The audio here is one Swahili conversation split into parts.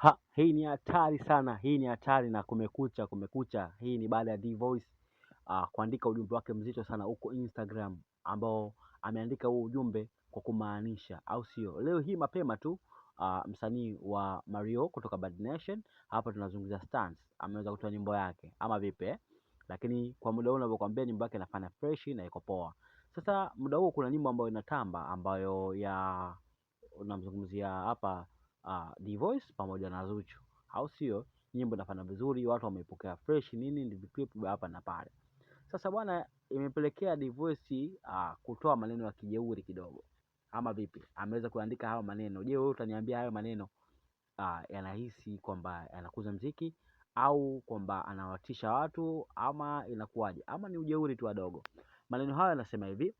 Ha, hii ni hatari sana, hii ni hatari na kumekucha, kumekucha. Hii ni baada ya Voice uh, kuandika ujumbe wake mzito sana huko Instagram, ambao ameandika huo ujumbe kwa kumaanisha, au sio? Leo hii mapema tu uh, msanii wa Mario kutoka Bad Nation, hapa tunazungumza Stance, ameweza kutoa nyimbo yake ama vipi eh? Lakini kwa muda huu ninavyokuambia, nyimbo yake inafanya fresh na iko poa. Sasa muda huu kuna nyimbo ambayo inatamba ambayo ya unamzungumzia hapa Ah, Dvoice pamoja na Zuchu, au sio? Nyimbo inafanya vizuri, watu wamepokea fresh nini, ndi clip hapa na pale. Sasa bwana, imepelekea uh, kutoa maneno ya kijeuri kidogo, ama vipi? Ameweza kuandika hayo maneno. Je, wewe utaniambia hayo maneno ah, yanahisi kwamba yanakuza mziki au kwamba anawatisha watu ama inakuwaje? Ama ni ujeuri tu wadogo? Maneno hayo yanasema hivi: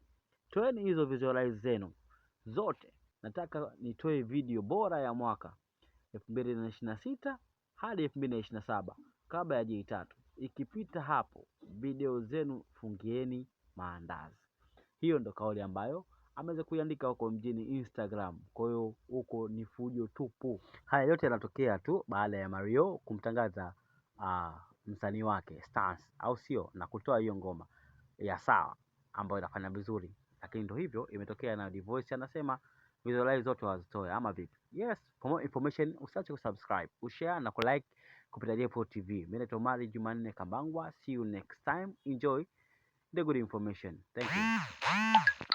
toeni hizo visualize zenu zote nataka nitoe video bora ya mwaka 2026 hadi 2027 kabla ya J3. Ikipita hapo, video zenu fungieni maandazi. Hiyo ndo kauli ambayo ameweza kuiandika huko mjini Instagram. Kwa hiyo huko ni fujo tupu. Haya yote yanatokea tu baada ya Mario kumtangaza uh, msanii wake Stance, au sio, na kutoa hiyo ngoma ya sawa ambayo inafanya vizuri, lakini ndo hivyo imetokea na Divoice anasema visualize zote wazitoe ama vipi? Yes, for more information usiache kusubscribe, ushare na kulike kupitia j TV. Mimi naitwa Omari Jumanne Kambangwa. See you next time. Enjoy the good information. Thank you.